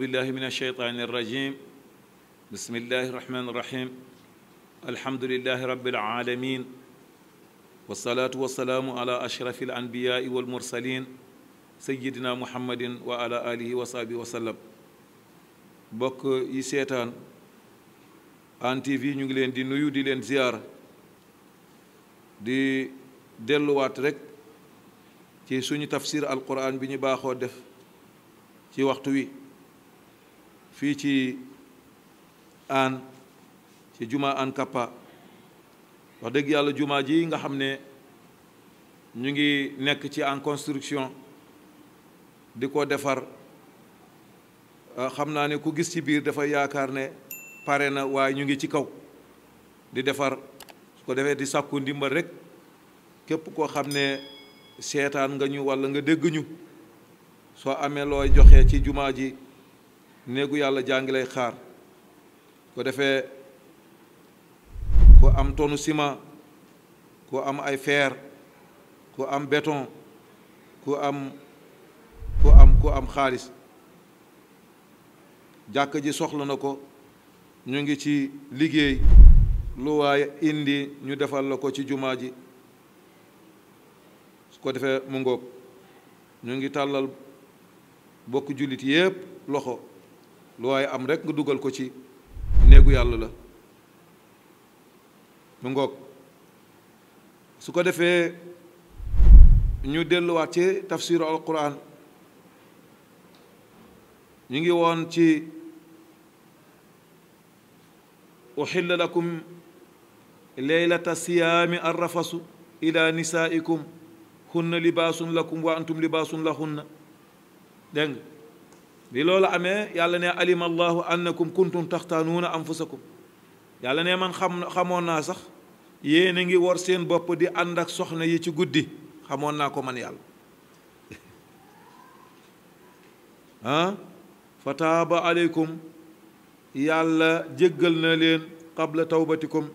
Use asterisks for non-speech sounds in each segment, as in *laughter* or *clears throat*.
بالله من الشيطان الرجيم بسم الله الرحمن الرحيم الحمد لله رب العالمين والصلاة والسلام على أشرف الأنبياء والمرسلين سيدنا محمد وعلى آله وصحبه وسلم بك يسيتان أن تي في ñu دي نيو دي لين زيار دي دلوات رك تي سوني تفسير القرآن بني باخو دف تي وقت وي fii ci aan ci jumaa aan kappa wax dëgg yàlla jumaa ji nga xam ne ñu ngi nekk ci en construction di ko defar ah, xam naa ne ku gis ci biir dafa yaakaar ne pare na waaye ñu ngi ci kaw di defar su ko defee di sàkku ndimbal rek képp koo xam ne seetaan nga ñu walla nga dégg ñu soo amee looy joxe ci jumaa ji néegu yàlla jaa lay xaar ko defee ko am tonu ciment ku am ay fer ku am beton ku am ku am am xaalis jàkk ji soxla na ko ñu ngi ci liggéey lu waaye indi ñu defal la ko ci jumaa ji su ko defee mu ngoog ñu ngi tàllal bokk jullit yépp loxo lu waaye am rekk nga dugal ko ci néegu yàlla la mu ngoog su ko defee ñu delluwaat ci tafsiru alquran ñu ngi woon ci uxilla lakum leylata siyaami arrafasu ila nisaikum hunna libaasun lakum wa antum libaasun lahunna dégg nga bi loolu amee yàlla ne alima allahu annakum kuntum am anfusakum yàlla ne man xam xamoon naa sax yéen a ngi war seen bopp di ànd ak soxna yi ci guddi xamoon naa ko man yàlla fataaba *laughs* ah? fa yàlla jéggal na leen qabla tawbatikum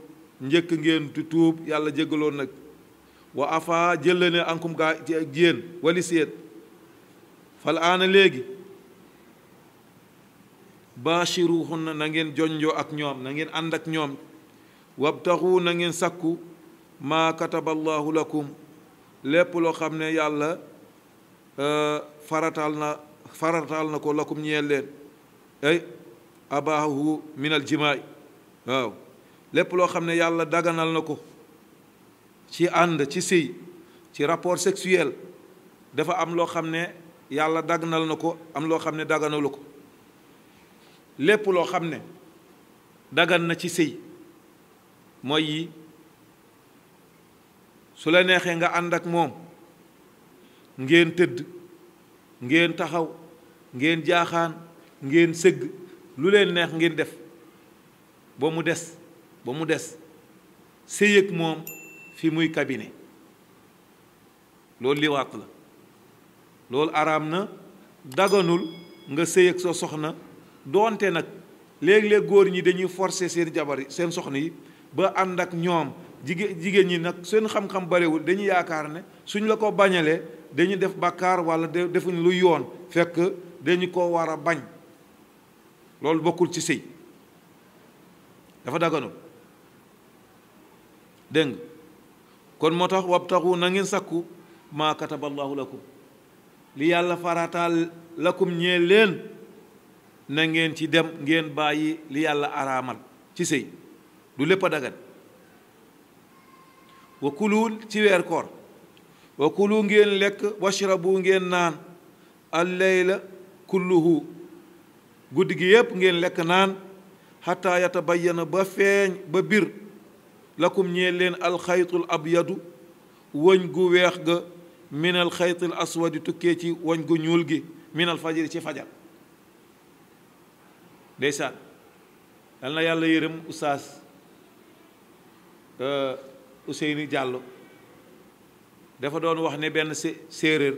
njëkk ngeen tu tuub yàlla jéggaloon nag wa afa jëlla ne ankum gaa yéen wali séen fal léegi baachiruhunna na ngeen jonjoo ak ñoom na ngeen ànd ak ñoom wabtaxu na ngeen sakku maa kataballaahu lakum lépp loo xam ne yàlla euh, farataal na farataal na ko lakum ñeel leen ay abaahu min jimaay waaw lépp loo xam ne yàlla dagganal na ko ci ànd ci sëy ci rapport sexuel dafa am loo xam ne yàlla daganal na ko am loo xam ne dagganalu ko lépp loo xam ne dagan na ci sëy mooy yi su la neexee nga ànd ak moom ngeen tëdd ngeen taxaw ngeen jaaxaan ngeen sëgg lu leen neex ngeen def ba mu des ba mu des sëy ak moom fi muy kabine loolu liwaat la loolu araam na daganul nga sëy ak sa soxna doonte nag léeg-léeg góor ñi dañuy forcer seen jabar yi seen soxna yi ba ànd ak ñoom jigéen jigéen ñi nag seen xam-xam barewul dañuy yaakaar ne suñ la ko bañalee dañu def bàkkaar wala defuñ lu yoon fekk dañu ko war a bañ loolu bokkul ci sëy dafa daganul dégg kon moo tax wabtaxu na ngeen sakku maa kataballaahu lakum li yàlla farataal lakum ñee leen na ngeen ci dem ngeen bàyyi li yàlla araamal ci sëy du lépp a dagan wa ci weer koor wa ngeen lekk washrabu ngeen naan alleyla kulluhu guddi gi yépp ngeen lekk naan xataa yatabayyana ba feeñ ba biir lakum ñee leen alxaytul abyadu wëñ gu weex ga minal xaytil aswadi tukkee ci wëñ gu ñuul gi minal fajiri ci fajar ndeysaan dal na yàlla yërëm oustaz euh, Ousseyni Diallo dafa doon wax ne benn séeréer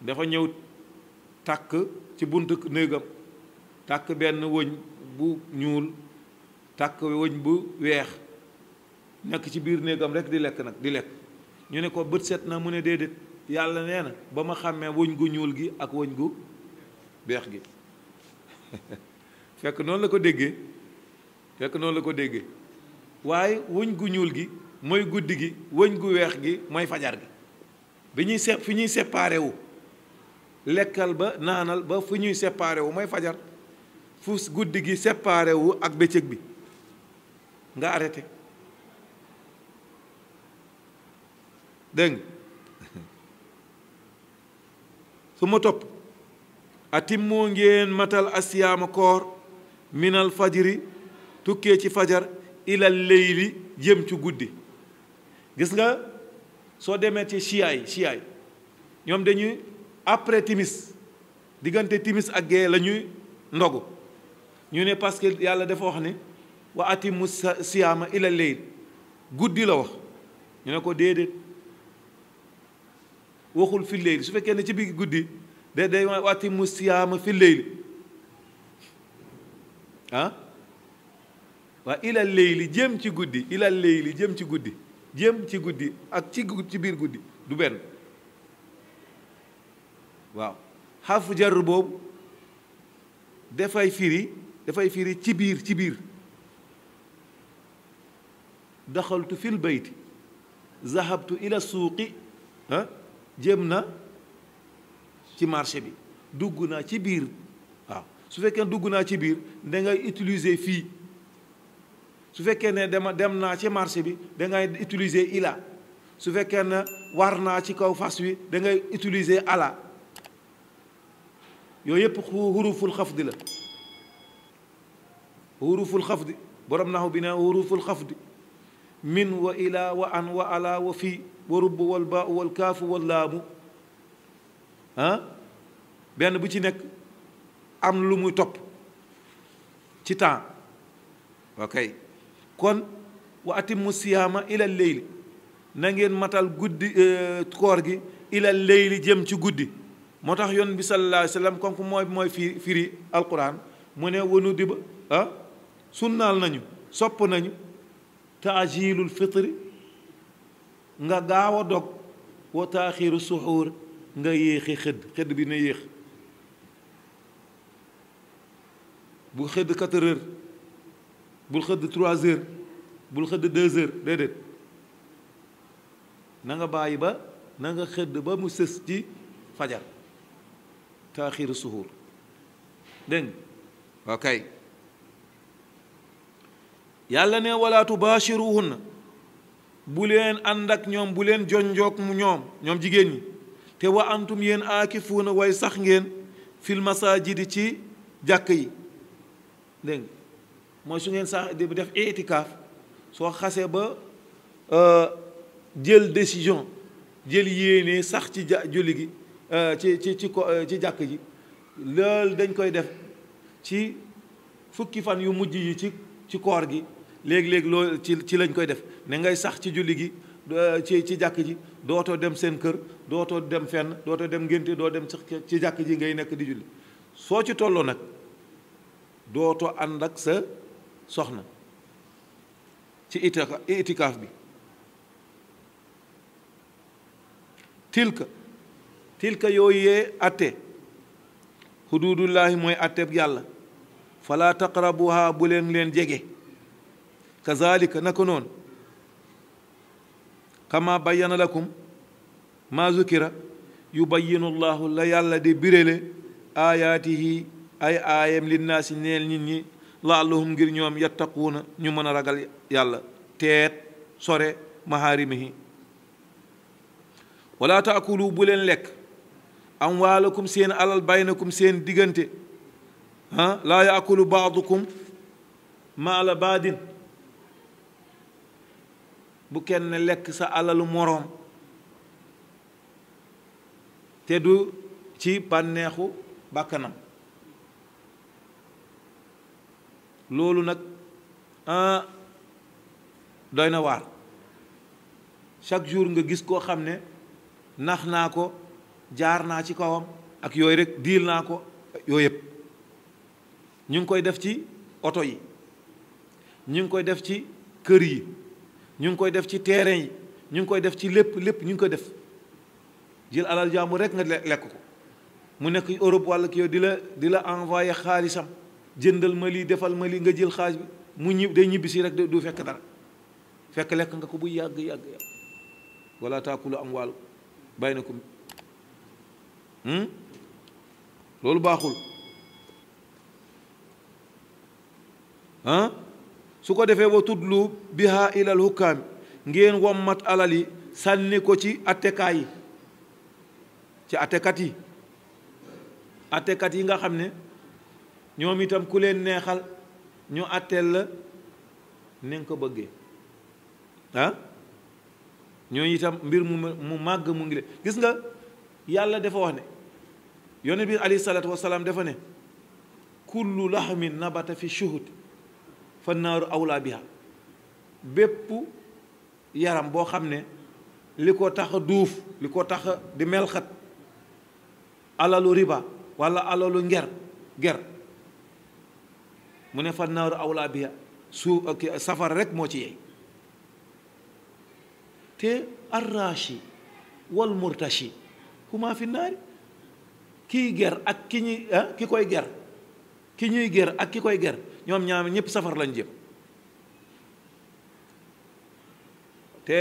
dafa ñëw tàkk ci bunt néegam tàkk benn wëñ bu ñuul tàkk wëñ bu weex nekk ci biir néegam rek di lekk nag di lekk ñu ne ko bët set na mu ne déedéet yàlla nee na ba ma xàmmee wëñ gu ñuul gi ak wëñ gu beex gi *laughs* fekk noonu la ko déggee fekk noonu la ko déggee waaye wëñ gu ñuul gi mooy guddi gi wëñ gu weex gi mooy fajar gi bi ñuy se fi ñuy séparé lekkal ba naanal ba fu ñuy séparé wu mooy fajar fu guddi gi séparé wu ak bëccëg bi nga arrêté dégg *laughs* su ma topp a timmo ngeen matal a siyama koor minal fajiri tukkee ci fajar ilal leyli yem ci guddi gis nga soo demee ci chia yi chia yi ñoom dañuy après timis diggante timis ak gee la ñuy ndogu ñu ne parce que yàlla dafa wax ni wa atimu siyama ila leyl guddi la wax ñu ne ko déedéet waxul fi leyl su fekkee ne ci bi guddi déedéet wa atimu siyaama fi leyli ah waa ilal leyli jëm ci guddi ilal leyli jëm ci guddi jëm ci guddi ak ci ci biir guddi du benn waaw xafu jar boobu dafay firi dafay firi ci biir ci biir doxaltu fil bayti zahabtu ila suuqi ah? jëm na ci marché bi dugg naa ci biir waaw su fekkee dugg naa ci biir da ngay utiliser fii su fekkee ne dem dem naa ci marché bi da ngay utiliser ila su fekkee ne war naa ci kaw fas wi da ngay utiliser ala yooyu yëpp huruful xafdi la huruful xafdi borom naxu bi ne xuruful xafdi min wa ila wa an wa ala wa fii wa rubb wal baa wal kaafu wal laamu benn bu ci nekk am lu muy topp ci temps ok kon wa atimmu siyaama ila leyli ngeen matal guddi euh, koor gi ila leyli jëm ci guddi moo tax yoon bi sallallahu alayhi wa sallam kon mooy mooy firi firi alquran mu ne wanu diba sunnaal nañu sopp nañu taajilul fitri nga gaaw a dog wa taaxiru suxuur nga yéexe xëdd xëdd bi na yéex bu xëdd quatre heures bul xëdd trois heures bu xëdd deux heures déedéet na nga bàyyi ba na nga xëdd ba mu sës ci fajar taaxiru suhuur dégg nga yàlla ne wala tubaashiruhunna bu leen ànd ak ñoom bu leen jonjoog mu ñoom ñoom jigéen ñi te wa antum yéen aakifuuna way sax ngeen fil di ci jàkk yi dégg mooy su ngeen sax di def itikaaf soo xasee ba euh, jël décision jël yéene sax ci ja julli gi euh, ci ci ci ko euh, ci jàkk ji loolu dañ koy def ci fukki fan yu mujj yi ci ci koor gi léegi léegi loolu ci ci lañ koy def ne ngay sax ci julli gi Euh, ci ci jàkk ji dootoo dem seen kër dootoo dem fenn dootoo dem ngénte doo dem ci jàkk ji ngay nekk di julli soo ci tolloo nag dootoo ànd ak sa soxna ci itikaaf bi tilka tilka yooyee atte xuduudullaahi mooy atteb yàlla falaa taqrabuha bu leen leen jege kazalika naka noonu kama bayyana lakum maa zukira yubayyinu llahu la yàlla di biréle aayaatihi ay aayam linnaasi neel nit ñi laallahum ngir ñoom yattaquuna ñu mën a ragal yàlla teet sore maharimihi wala taakulu bu leen lekk amwaalakum seen alal baynakum seen diggante ah laa yaakulu baadukum maala baadin bu kenn lekk sa alalu moroom te du ci bànneexu bàkkanam loolu nag ah, doy na waar chaque jour nga gis koo xam ne nax naa ko jaar naa ci kawam ak yooyu rek diil naa ko yooyu yëpp ñu ngi koy def ci oto yi ñu ngi koy def ci kër yi ñu ngi koy def ci terrain yi ñu ngi koy def ci lépp lépp ñu ngi koy def jël alal jaamu rek nga lekk ko mu nekk Europe walla ki yow di la di la envoyé xaalisam jëndal ma lii defal ma lii nga jël xaalis bi mu ñib day ñibbisi si rek du fekk dara fekk lekk nga ko bu yàgg yàgg yàgg walla taakulu am wàllu bàyyi na ko hmm? loolu baaxul su ko defee wa tudlu biha ilal hukkaam ngeen wommat alal yi sànni ko ci attekaay yi ci atekat yi attekat yi nga xam ne ñoom itam ku leen neexal ñu atteel la ni nga ko bëggee ah ñoo itam mbir mu mu màgg mu ngi leen gis nga yàlla dafa wax ne yonent bi alayhi salaatu wasalaam dafa ne kullu laxmin nabata fi shuhut fa naaru awlaa biha bépp yaram boo xam ne li ko tax duuf li ko tax di melxat alalu riba walla alalu nger ger mu ne fa naaru awlaa biha suuf safara rek moo ci yey te arrashi wal murtashi huma fi naari kiy ger ak ki ñi ah, ki koy ger ki ñuy ger ak ki koy ger ñoom ñaar ñëpp safar lañ jëm te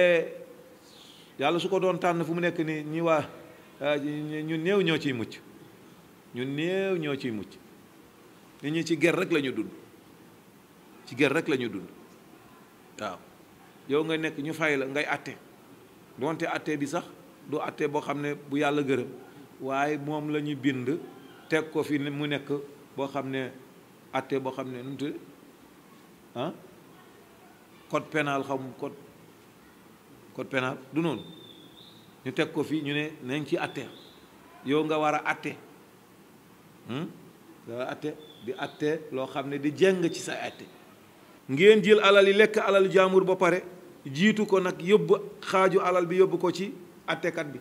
yàlla su ko doon tànn fu mu nekk nii ñuy waa ah, ñu néew ñoo ciy mucc ñu néew ñoo ciy mucc nit ñi ci ger rek lañu dund ci ger rek la dund waaw yow nga nekk ñu fay la ngay atte donte atte bi sax du atte boo xam ne bu yàlla gërëm waaye moom lañuy bind teg ko fi mu nekk boo xam ne atte boo xam ne nu mu tudd ah xam code code pénal du noonu ñu teg ko fii ñu ne nañ ci atte yow nga war a atte hmm? nga war a atte di atte loo xam ne di jeng ci sa atte ngeen jël alal yi lekk alal jaamur ba pare jiitu ko nag yóbbu xaaju alal bi yóbbu ko ci attekat bi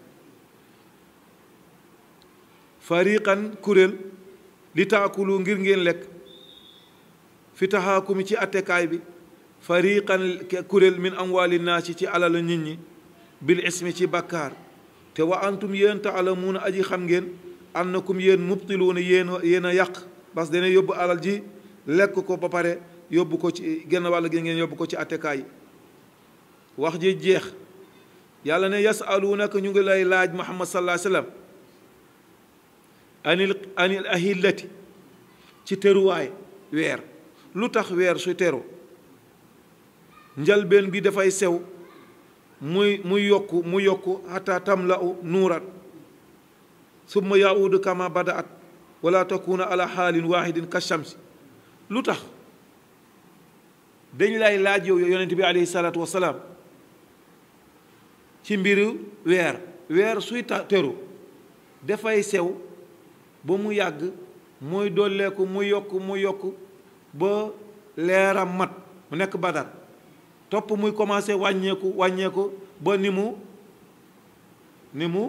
fariqan kuréel li taakulu ngir ngeen lekk fi taxaakumi ci attekaay bi fariqan kuréel min amwaali naasi ci alal nit ñi bil ismi ci bàkkaar te wa antum yéen taalamuuna aji xam ngeen annakum yéen mubtiluuna yéen yéen a yàq parce que dana yóbbu alal ji lekk ko ba pare yóbbu ko ci genn wàll gi ngeen yóbbu ko ci atekaay wax ji jeex yàlla ne yasaluunaka ñu ngi lay laaj muhammad sallallahu alayhi wa anil anil ahillati ci teruwaay weer lu tax weer su teru njalbeen bi dafay sew muy muy yokk mu yokk xataa tamla'u nuuran summa yaudu kama badaat wala takuna ala xaalin ka shamsi lu tax dañ lay laaj yow yonent bi aleyhi salaatu ci mbiru weer weer suy teru dafay sew ba mu yàgg muy dolleeku mu yokk mu yokk ba leeram mat mu nekk badar topp muy commencé wàññeeku wàññeeku ba ni mu ni mu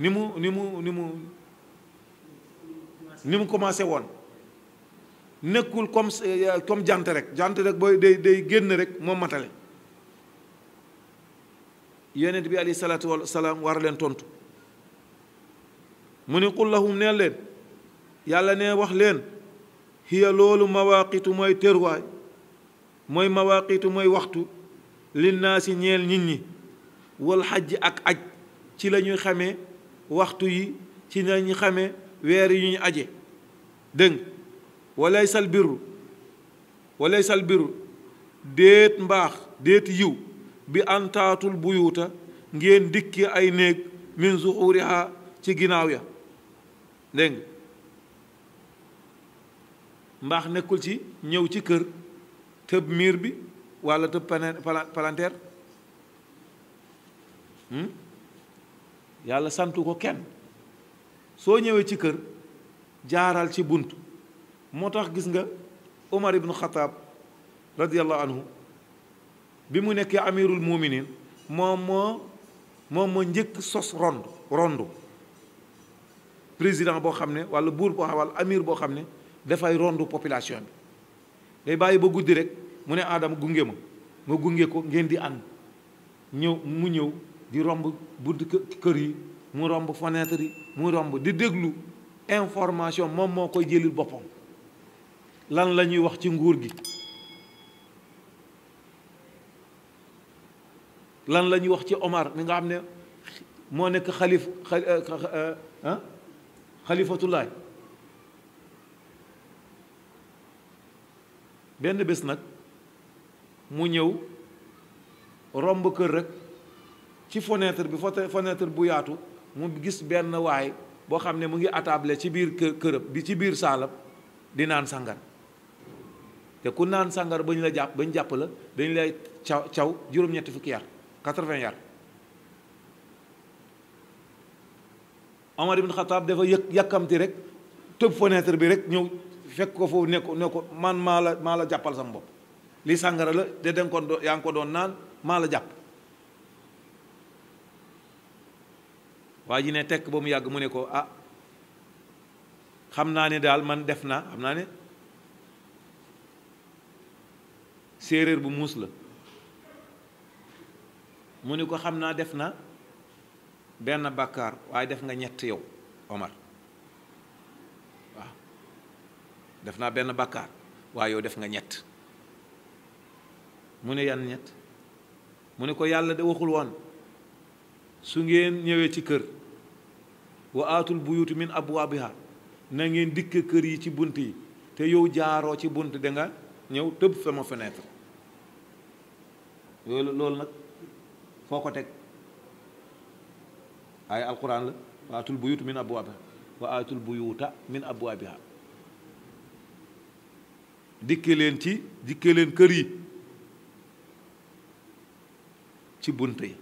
ni mu ni mu ni mu ni mu commencé woon nekkul comme euh, comme jant rek jant rek ba day day génn rek moom matale yonent bi alayhi salaatu wa salaam war leen tontu mu ni qul neen leen yàlla ne wax leen hiya loolu mawaaqitu mooy tërwaay mooy mawaaqitu mooy waxtu linnaasi ñeel nit ñi wal xajj ak aj ci lañuy xame waxtu yi ci lañuy xame weer yu ñu aje dëng walaysal birru walaysal birru déet mbaax déet yiw bi antaatul buyuuta ngeen dikki ay néeg min zuxuriha ci ginnaaw ya dégg nga mbaax nekkul ci ñëw ci kër tëb miir bi walla tëb palanteer hmm? yàlla santu ko kenn soo ñëwee ci kër jaaral ci bunt moo tax gis nga Omar ibnu Xataab radiyallahu anhu bi mu nekkee amirul muuminiin moom moo moom moo njëkk sos rond rond président boo xam ne wala buur boo xam wala amir boo xam ne dafay rondu population bi day bàyyi ba guddi rek mu ne aadama gunge ma ma gunge ko ngeen di ànd ñëw mu ñëw di romb bunt kër yi mu romb fenêtre yi mu romb di déglu information moom moo koy jëlil boppam lan la ñuy wax ci nguur gi lan la ñuy wax ci Omar mi nga xam ne moo nekk xalif ah xalifatulaay benn bés nag mu ñëw romb kër rek ci fenêtre bi fenêtre bu yaatu mu gis benn waay boo xam ne mu ngi attablé ci biir kë këram bi ci biir saalam di naan sangar te ku naan sangar ba ñu la jàpp ba ñu jàpp la dañu lay caw caw juróom-ñetti fukki yar quatre-vingts yar Omar ibn Khattab dafa yëg yàkkamti rek tëb fenêtre bi rek ñëw fekk ko foofu ne ne ko man maa la maa la jàppal sama bopp li sàngara la te danga ko doon yaa ngi jàpp waa ji ne tekk ba mu yàgg mu ne ko ah xam naa ne daal man def naa xam naa ne séeréer bu muus la mu ne ko xam naa def na benn bàkkaar waaye def nga ñett yow Omar waaw def naa benn bàkkaar waaye yow def nga ñett mu ne yan ñett mu ne ko yàlla de waxul woon su ngeen ñëwee ci kër wa aatul buyutu min abwaabiha na ngeen dikk kër yi ci bunt yi te yow jaaroo ci bunt da nga ñëw tëb sama fenêtre loolu loolu nag foo ko teg ay alquran la wa atul buyuta min abwaabiha wa atul buyuta min abwaabiha dikkee leen ci dikkee leen kër yi ci bunt yi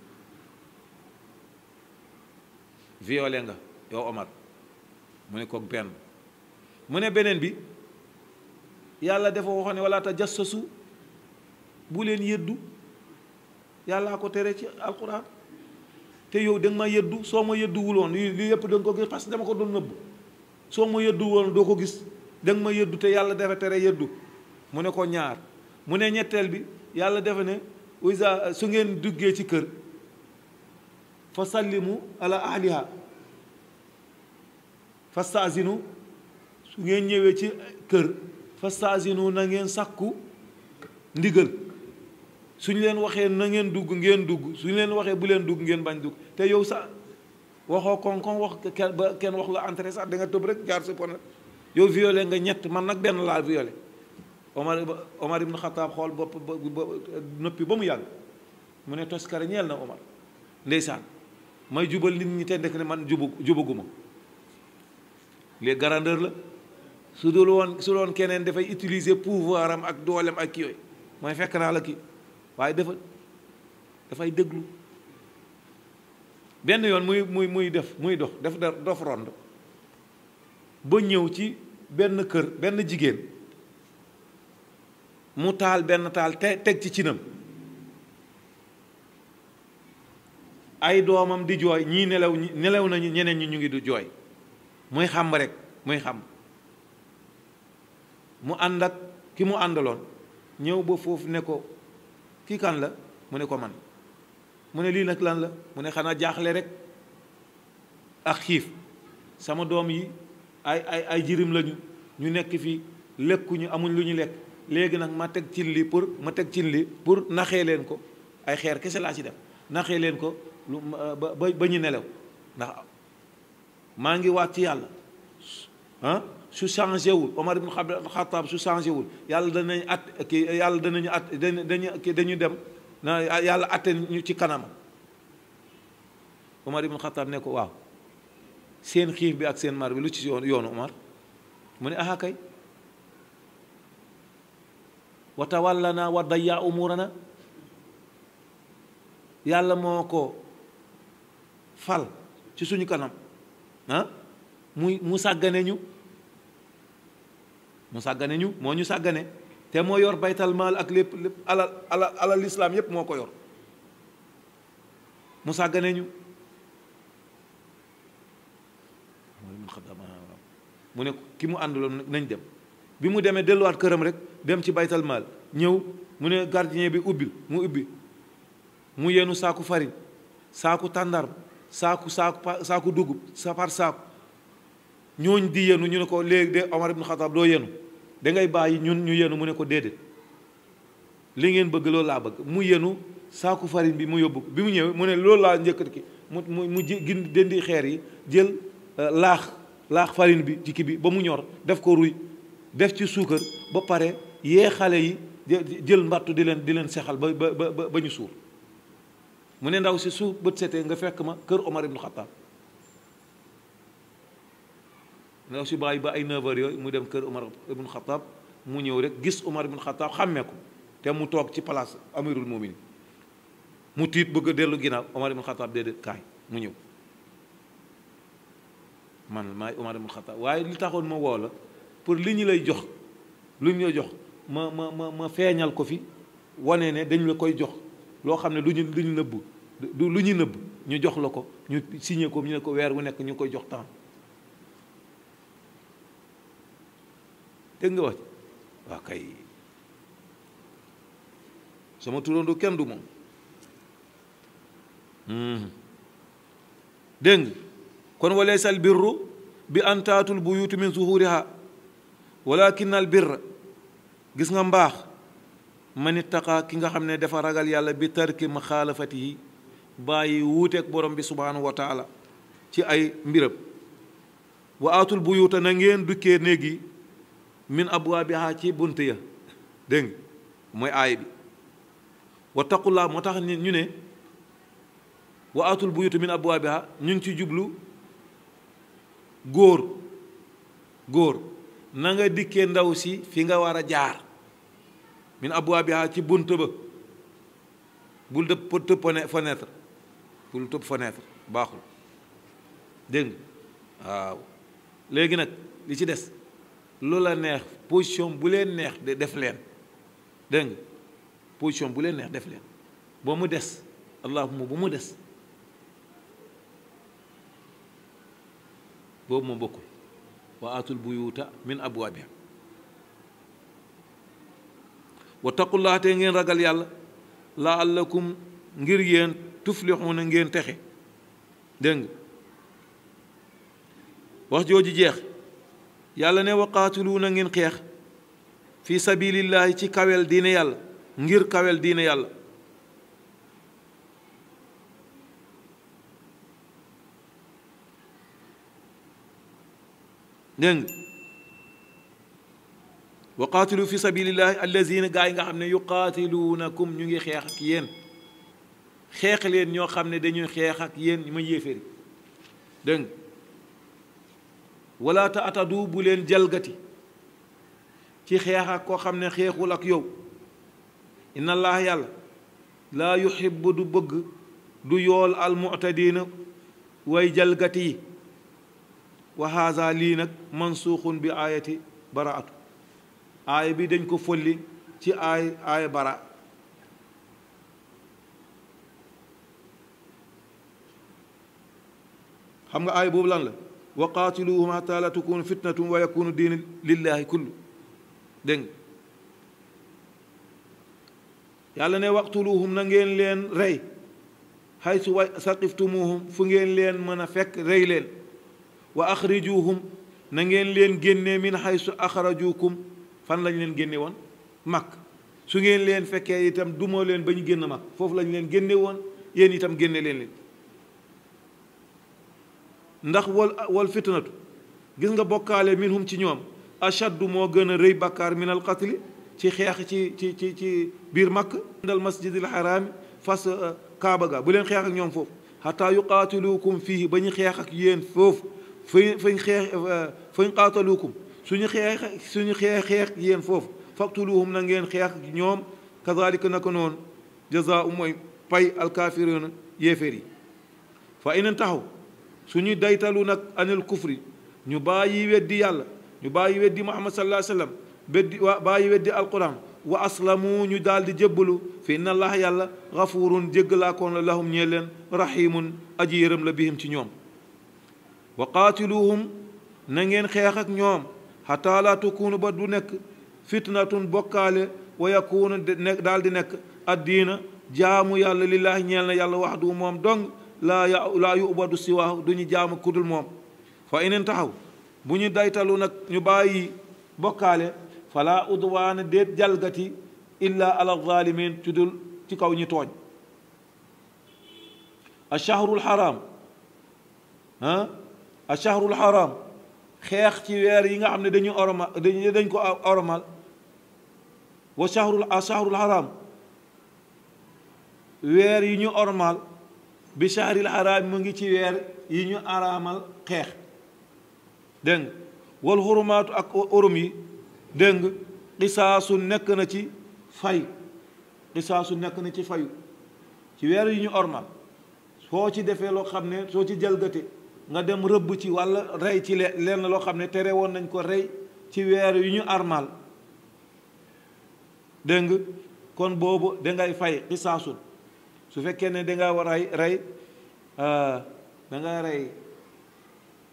violé nga yow Omar mu ne kook benn mu ne beneen bi yàlla dafa waxoon ne wala tajassasu bu leen yëddu yàllaa ko tere ci alquran te yow da ma yëddu soo ma yëddu lii lii yëpp da ko gis parce dama ko doon nëbb soo ma yëddu woon doo ko gis da ma yëddu te yàlla dafa tere yëddu mu ne ko ñaar mu ne ñetteel bi yàlla defe ne isa su ngeen duggee ci kër fa sallimu ala ahliha fa staasinu su ngeen ñëwee ci kër fa staasinu na ngeen sakku ndigal su ñu leen waxee na ngeen dugg ngeen dugg suñ leen waxee bu leen dugg ngeen bañ dugg te yow sax waxoo konkon wax kenn ba kenn wax la entrée sax da nga tëb rek jaar sa pone yow violé nga ñett man nag benn laa violé Omar Omar ibn Xataab xool bopp ba noppi ba mu yàgg mu ne toskare ñeel na Omar ndeysaan may jubal nit ñi te ndekk ne man jubu jubaguma les grandeur la su dul woon su doon keneen dafay utiliser pouvoir am ak dooleem ak kii yooyu mooy fekk naa la kii waaye dafa dafay déglu benn yoon muy muy muy def muy dox def dof rond ba ñëw ci benn kër benn jigéen mu taal benn taal te teg ci cinam ay doomam di jooy ñii nelaw nelaw nañu ñeneen ñi ñu ngi du jooy muy xàmb rekk muy xam mu ànd ak ki mu àndaloon ñëw ba foofu ne ko kii kan la mu ne ko man mu ne lii nag lan la mu ne xanaa jaaxle rek ak xiif sama doom yi ay ay ay jirim lañu ñu nekk fii lekkuñu amuñ lu ñu lekk léegi nag ma teg cin li pour ma teg cin li pour naxee leen ko ay xeer kese laa ci def naxee leen ko lu ba ba ñu nelaw ndax maa ngi waat ci yàlla ah? su changé wul Omar ibn Khattab su changé wul yàlla danañ at kii yàlla danañu at dañu dañu dem na yàlla atte ñu ci kanam Omar ibn Khattab ne ko waaw seen xiif bi ak seen mar bi lu ci yoonu Omar mu ne aha kay wa tawallana wa dayya umurana yàlla moo ko fal ci suñu kanam ah? muy mu sàggane ñu mu sàggane ñu moo ñu sàggane te moo yor baytal maal ak lépp lépp alal alal alal lislaam yépp moo ko yor mu sàggane ñu mu ne ki mu àndaloon nañ dem bi mu demee delluwaat këram rek dem ci baytal maal ñëw mu ne gardien bi ubbil mu ubbi mu yenu saaku farine saaku tàndarma saaku saaku saaku dugub sa saaku ñooñ di yenu ñu ne ko léegi de Omar ibn Khattab doo yenu dangay ngay bàyyi ñun ñu yenu mu ne ko déedéet li ngeen bëgg loolu laa bëgg mu yenu saaku farine bi mu yóbbu bi mu ñëwee mu ne loolu laa njëkkat ki mu mu mu gin di xeer yi jël euh, laax laax farine bi ci kii bi ba mu ñor def ko ruy def ci suukar ba pare yee xale yi jël mbattu di leen di leen sexal ba ba ba ba ñu suur mu ne ndaw si su bët setee nga fekk ma kër Omar ibn Khattab na aussi bàyyi ba ay 9 heures yooyu mu dem kër Omar ibn Khattab mu ñëw rek gis Omar ibn Khattab xàmmee ko te mu toog ci place amirul muminin mu tiit bëgg a dellu ginnaaw Omar ibn Khattab déedéet kaay mu ñëw man maay Omar ibn Khattab waaye li taxoon ma woo la pour li ñu lay jox lu ñu lay jox ma ma ma feeñal ko fi wane ne dañ la koy jox loo xam ne lu ñu lu ñu nëbb lu ñu nëbb ñu jox la ko ñu signé ko ñu ne ko weer wu nekk ñu koy jox temps dégg nga wax waaw kay sama turandoo kenn du moom hmm. dégg nga kon walaysa al birru bi an taatul buyuutu min zuhuriha walakin al birra gis nga mbaax ma ni ittaqa ki nga xam ne dafa ragal yàlla bi tarki maxaalafatihi bàyyi wuuteeg borom bi subhanahu wa ci ay mbiram wa aatul buyuuta na ngeen dukkee néegi min abwaabiha ci bunt ya dégg nga mooy aay bi wa taqullaa moo tax ñu ne wa atul buyutu min abwaabiha ñu ngi ci jublu góor góor na nga dikkee ndaw si fi nga war a jaar min abwaabiha ci bunt ba bul dëpp tëb fenêtre bul tëb fenêtre baaxul dégg nga waaw léegi nag li ci des lu la neex position bu leen neex de def leen dégg nga position bu leen neex def leen ba mu des allahuma bu mu des boobu ma bokkul wa aatul buyuuta min abwaabiha wa taqullaha te ngeen ragal yàlla laallakum ngir yéen tuflixuuna ngeen texe dégg wax jooju jeex yàlla ne waqaatiluuna ngeen xeex fi sabilillahi ci kawel diine yàlla ngir kawel diine yàlla dégg waqaatilu fi sabilillahi allazina gaa yi nga xam ne yuqaatiluunakum ñu ngi xeex ak yéen xeex leen ñoo xam ne dañuy xeex ak yéen ma yéeféeri dégg ولا تأتدو بولين جلغتي تي خيخا كو خامن خيخول اك يو ان الله يال لا يحب دو بغ دو يول المعتدين واي جلغتي وهذا لي منسوخ بايه براءه ايه بي دنجكو فولي تي ايه ايه براءه xam nga ay bobu lan wa qaatiluhum xata la takunu fitnatun wa yakunu diin lillahi kullu dégg yàlla ne waqtuluhum na ngeen leen rey xaysu wa fu ngeen leen mën a fekk rey leen wa axrijuhum na ngeen leen génne min xaysu axrajukum fan lañ leen génne woon mag su ngeen leen fekkee itam duma leen ba ñu génn mag foofu lañ leen génne woon yéen itam génne leen leen ndax wal wal fitnatu gis nga bokale minhum ci ñoom ashaddu mo gën reey rëy min al qatl ci xex ci ci ci ci bir makk dal masjidil haram fas kaaba ga bu len xex ak ñoom fofu hatta yuqatilukum fii bañ xex ak yéen fofu fañ xex fañ qatalukum suñu xex suñu xex xex yéen fofu faqtuluhum na ngeen xex ak ñoom kadhalika naka jazaau mooy pay al kafirun yeferi fa in taxaw suñu daytalu nag anil kufri ñu bàyyi weddi yàlla ñu bàyyi weddi muhammad sallallahu alayhi wa beddi wa bàyyi weddi alquran wa aslamu ñu daal di jébbalu fi inna allah yàlla xafuurun jéggalaakoon la lahum ñee leen rahimun aji yërëm la bihim ci ñoom wa qaatiluhum na ngeen xeex ak ñoom xataa la tukunu ba du nekk fitnatun bokkaale wa yakuunu nekk di nekk addiina jaamu yàlla lillaahi ñeel na yàlla wax du moom dong لا يا لا يعبد سوى دوني جام كودل موم فان انتهوا بني دايتالو نك ني باي بوكالي فلا عدوان ديت جالغتي الا على الظالمين تدل تي كاو ني توج الشهر الحرام ها الشهر الحرام خيخ تي وير ييغا خامن دانيو اورما دانيو دانكو اورمال وشهر الشهر الحرام وير يي اورمال bichaaril araam mu ngi ci weer yi ñu araamal xeex dégg nga wal xurumaatu ak urum yi dégg xisaasu nekk na ci fay xisaasu nekk na ci fayu ci weer yi ñu ormal soo ci defee loo xam ne soo ci jalgate nga dem rëbb ci walla rey ci lenn loo xam ne tere woon nañ ko rey ci weer yi ñu armal dëng kon boobu dangay fay xisaasun su fekkee ne dangaa war a rey ah, dangaa rey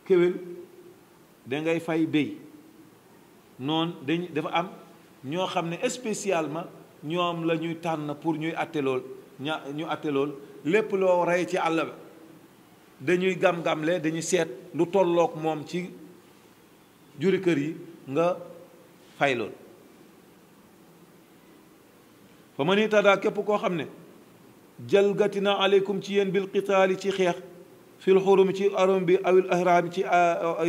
kéwél dangay fay béy noon dañ dafa am ñoo xam ne spécialement ñoom la ñuy tànn pour ñuy àtte lool ña ñu àtte lool lépp loo rey ci àll ba dañuy gam-gamle dañuy seet lu tolloog moom ci juri kër yi nga fay lool fa ma ni tadaa képp koo xam ne jalgati na aleykum ci yéen bil qitaali ci xeex fil xurum ci arom bi awil ahraam ci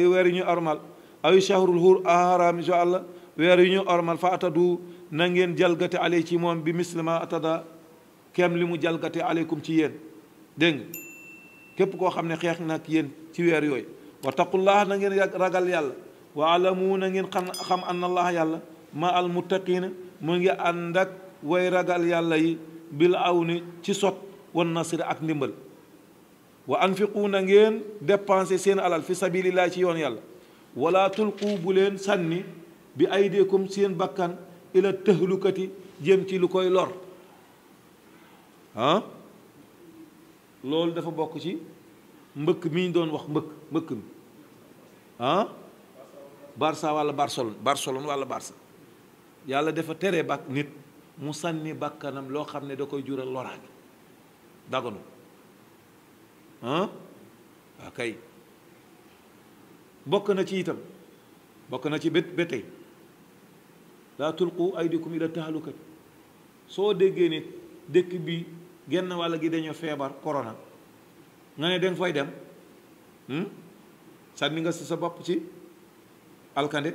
weer yu ñu armal aw shahrul hur ahraam insha allah weer yu ñu armal fa atadu na ngeen jalgati aley ci moom bi mislima atada kem li mu jalgati aleykum ci yéen dégg nga képp koo xam ne xeex nag yéen ci weer yooyu wa taqullaha na ngeen ragal yàlla wa alamu na ngeen xam xam allah yàlla ma al muttaqiina mu ngi ànd ak way ragal yàlla yi bil aw ni ci sot wan nasri ak ndimbal wa anfiqu na ngeen dépensé seen alal fi sabilillahi ci yoon yàlla wala tulqu bu leen sànni bi aydikum seen bakkan ila tëhlukati jëm ci lu koy lor ah loolu dafa bokk ci mbëkk mi ñu doon wax mbëkk mbëkk mi ah barça wala barcelone barcelone wala barça yàlla dafa tere bak nit mu sànni bàkkanam loo xam ne da koy jural loraange daganu ah waa bokk na ci itam bokk na ci bét bétey laa tulqu aydikum ila tahlukat soo déggee nit dëkk bi genn wàll gi dañoo feebar korona nga ne danga fay dem hmm? sànni nga si sa bopp ci alkande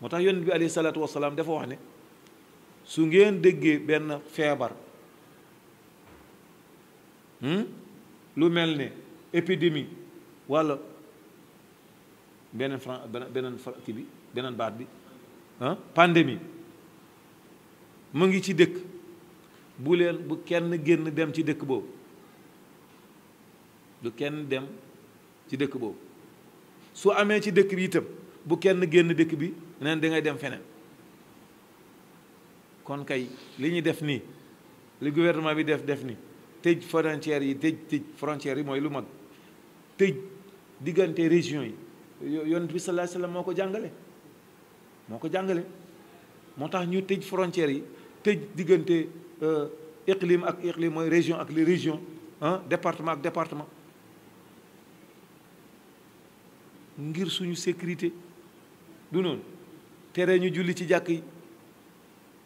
moo tax yonent bi alayhi salaatu wasalaam dafa wax ne su ngeen déggee benn feebar hmm? lu mel ni épidémie walla beneen fran beneen kii bi beneen baat bi ah pandémie mu ngi ci dëkk bu leen bu kenn génn dem ci dëkk boobu du kenn dem ci dëkk boobu su amee ci dëkk bi itam bu kenn génn dëkk bi neen dangay dem feneen kon kay li gouvernement bi def def ni frontières yi frontières yi mooy lu mag région yi yonent bi sallallahu alayhi frontières région département ak département ngir sécurité du noonu tere ñu julli ci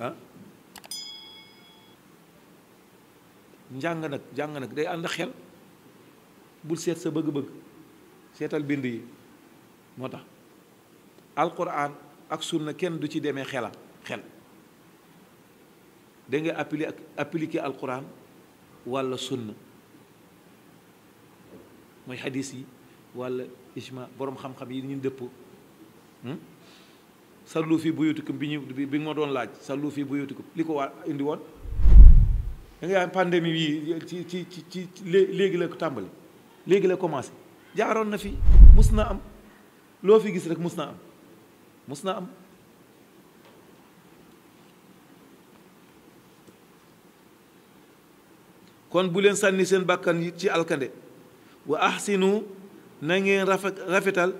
ah njàng nag jàng nag day ànd xel bul seet sa bëgg-bëgg seetal bind yi moo tax alquran ak sunna kenn du ci demee xelam xel da ngay appliquer ak appliquer alquran wala sunna mooy xadis yi wala ijma boroom xam-xam yi ñu dëpp hmm? lu fii sallu fi buyutikum bi ñu bi nga ma doon laaj bu fi buyutikum li ko waa indi woon da nga pandémie ci ci ci ci léegi la ko tàmbali léegi la commencé jaaroon na fi mus na am loo fi gis rek mus na am mus na am kon bu leen sànni seen bàkkan yi ci alkande wa ahsinu na ngeen rafet rafetal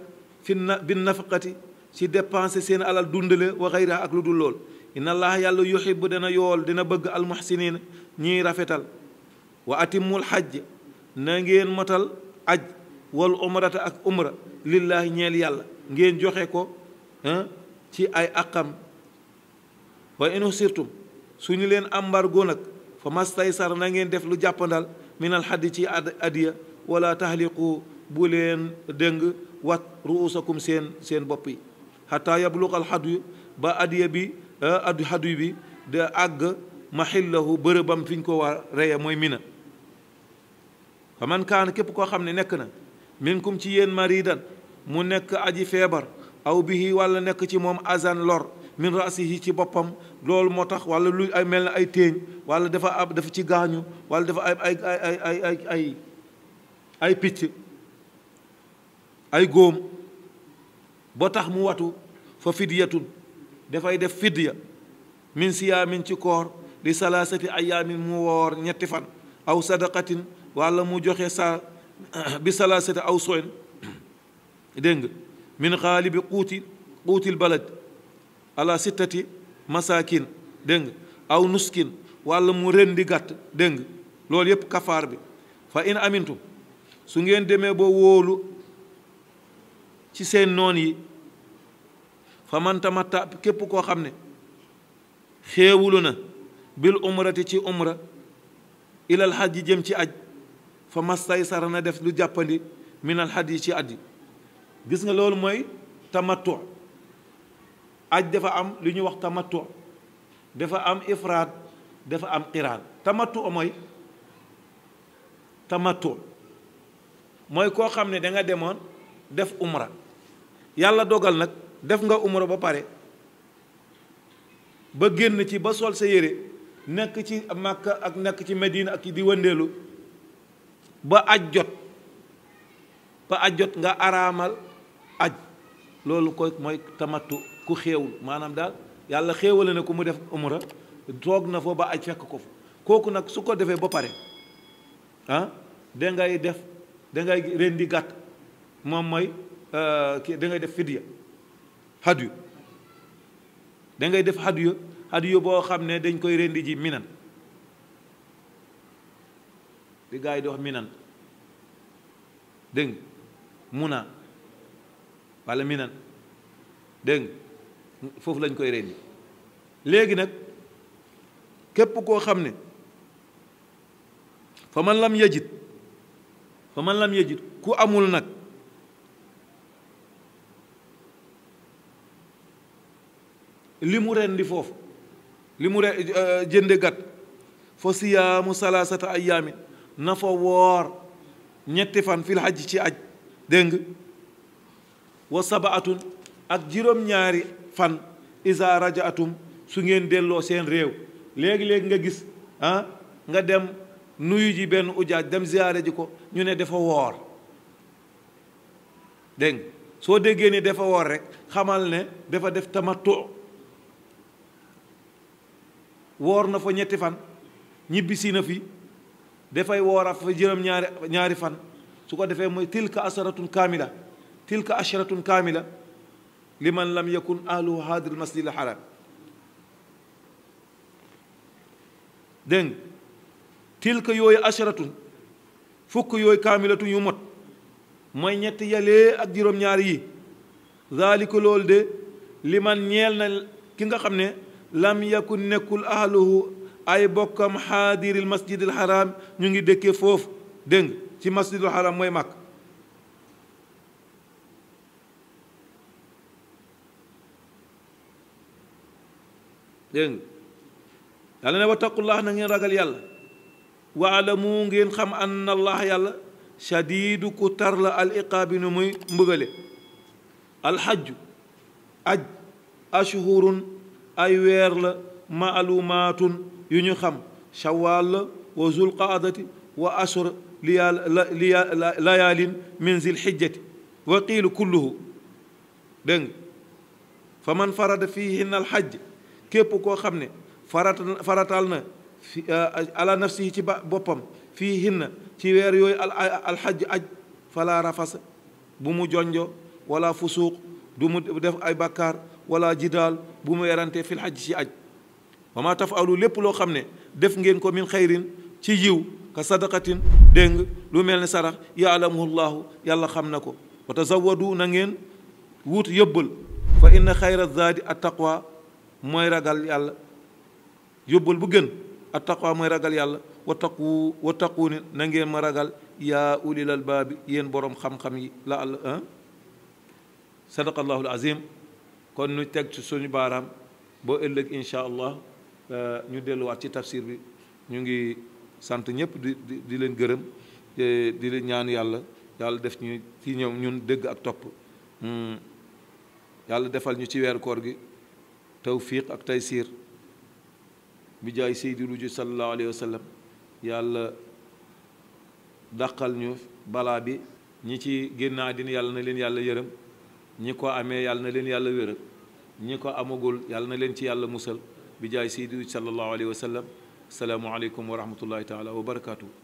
fi na bi nafaqati ci dépenser seen alal dundele wa xayra ak lu dul lool inna allah yalla yuhibbu dana yool dina bëgg muhsinin ñi rafetal wa atimul hajj na ngeen matal aj wal umrata ak umra lillahi ñeel yalla ngeen joxe ko ci ay akam wa in sirtum suñu leen embargo nak fa mastaysar na ngeen def lu jàppandal minal xaddi ci adiya wala tahliqu bu leen dëng wat ruusakum sen sen bopi xataa yabluqa alxadyu ba adiya bi eh, addu xadyu bi da àgg maxillahu bërëbam fi ñu ko war reye mooy mina fa man kaani képp koo xam ne nekk na minkum ci yéen maridan mu nekk aji feebar aw bihi walla nekk ci moom azan lor min rasihi ci boppam loolu moo tax walla luy ay mel na ay téeñ walla dafa ab dafa ci gaañu walla dafa ay ay ay ay ay ay picc ay góom boo tax mu watu fa fidyatun dafay def fidya min siyaamin ci koor li salaasati ayaamin mu woor ñetti fan aw sadaqatin walla mu joxe sa *clears throat* bi salaasati aw soyn *clears throat* dégg nga min xaalibi quuti quutil balad ala sittati masaakin dégg aw nuskin walla mu rendi gàtt dégg nga loolu yépp kafaar bi fa in su ngeen demee ba wóolu ci seen noon yi fa man tamatta képp koo xam ne xéewulu na bil umrati ci umra ilal xaj yi jëm ci aj fa mastay sara na def lu jàppandi minal xaj yi ci aj gis nga loolu mooy tamattu aj dafa am lu ñuy wax tamattu dafa am ifraat dafa am qiraan tamattu mooy tamattu mooy koo xam ne danga demoon def umra yàlla dogal nag def nga umra ba pare ba génn ci ba sol sa yére nekk ci Màkka ak nekk ci Medina ak di wëndeelu ba aj jot ba aj jot nga araamal aj loolu koy mooy tamattu ku xéewul maanaam daal yàlla xéewale na ku mu def umra toog na foo ba aj fekk ko fa kooku nag su ko defee ba pare ah dangay def dangay rendi gàtt moom mooy Euh, kii da def fidya hadiyu dangay def hadiyu hadiyu boo xam ne dañ koy rendi ji minan di gars yi di minan dégg muna walla minan dégg foofu lañ koy rendi léegi nag képp koo xam ne fa man lam yajid fa man lam yajid ku amul nag li mu rendi foofu li mu re euh, jënde gat fa siyaamu salaasata ayaamin na fa woor ñetti fan fil hajj ci aj dégg nga wa sabaatun ak juróom-ñaari fan isa atum su ngeen delloo seen réew léegi-léegi nga gis ah, nga dem nuyu ji benn ujaaj dem ziyaare ji ko ñu ne dafa woor dégg soo déggee ni dafa woor rek xamal ne dafa def tamatoo woor na fa ñetti fan ñibbisi na fi dafay woora fa jërëm ñaari ñaari fan su ko defee mooy tilka asaratun kamila tilka asharatun kamila liman lam yakun ahluhu haadir masjid haram dégg tilka yooyu asharatun fukk yooyu kaamilatun yu mot mooy ñetti yalee ak juróom-ñaar yi zaalika loolu de liman ñeel na ki nga xam ne لم يكن نكل أهله أي بكم حاضر المسجد الحرام نجي دكي فوف دنج في مسجد الحرام موي مك دنج يالا نبا تقوا الله نغي راغال يالا وعلموا نغين خم ان الله يالا شديد كتر العقاب نموي مبغلي الحج اج اشهر ay weer la maalumaatun yu ñu xam shawwal wa zulqa'dati wa ashur layalin min zilxijjati wa qil kulluhu deng faman farada fihi al hajj kep ko xamne farat faratal na ala nafsihi ci bopam fihi ci weer yoy al hajj aj fala rafas bu mu jonjo wala fusuq du mu def ay bakar wala jidaal bu mu werante fil xaj ci aj wa maa tafaalu lépp loo xam ne def ngeen ko min xayrin ci yiw ka sadaqatin dégg lu mel ne sarax yaalamuhu llahu yàlla xam na ko wa tazawadu na ngeen wut yóbbal fa inna xayra zaadi at taqwa mooy ragal yàlla yóbbal bu gën at taqwa mooy ragal yàlla wa taqu wa taquuni na ngeen ma ragal yaa ulil albaabi yéen borom xam-xam yi la allah sadaqallahu alazim kon nu teg ci suñu baaraam ba ëllëg incha allah eh, ñu delluwaat ci tafsir bi ñu ngi sant ñëpp di di leen gërëm di leen ñaan yàlla yàlla def ñu ci ñoom ñun dégg ak topp hmm. yàlla defal ñu ci weeru koor gi tawfiq ak taysiir bi jaay seydi ruju sallallahu alayhi wa sallam yàlla dàqal ñu balaa bi ñi ci génn àddina yàlla na leen yàlla yërëm ñi ko amee yàlla na leen yàlla wér ñi ko amagul yàlla na leen ci yàlla musal bi jaay sidi sallallahu alayhi wa sallam salaamu alaykum wa rahmatullahi taala wa barakatuh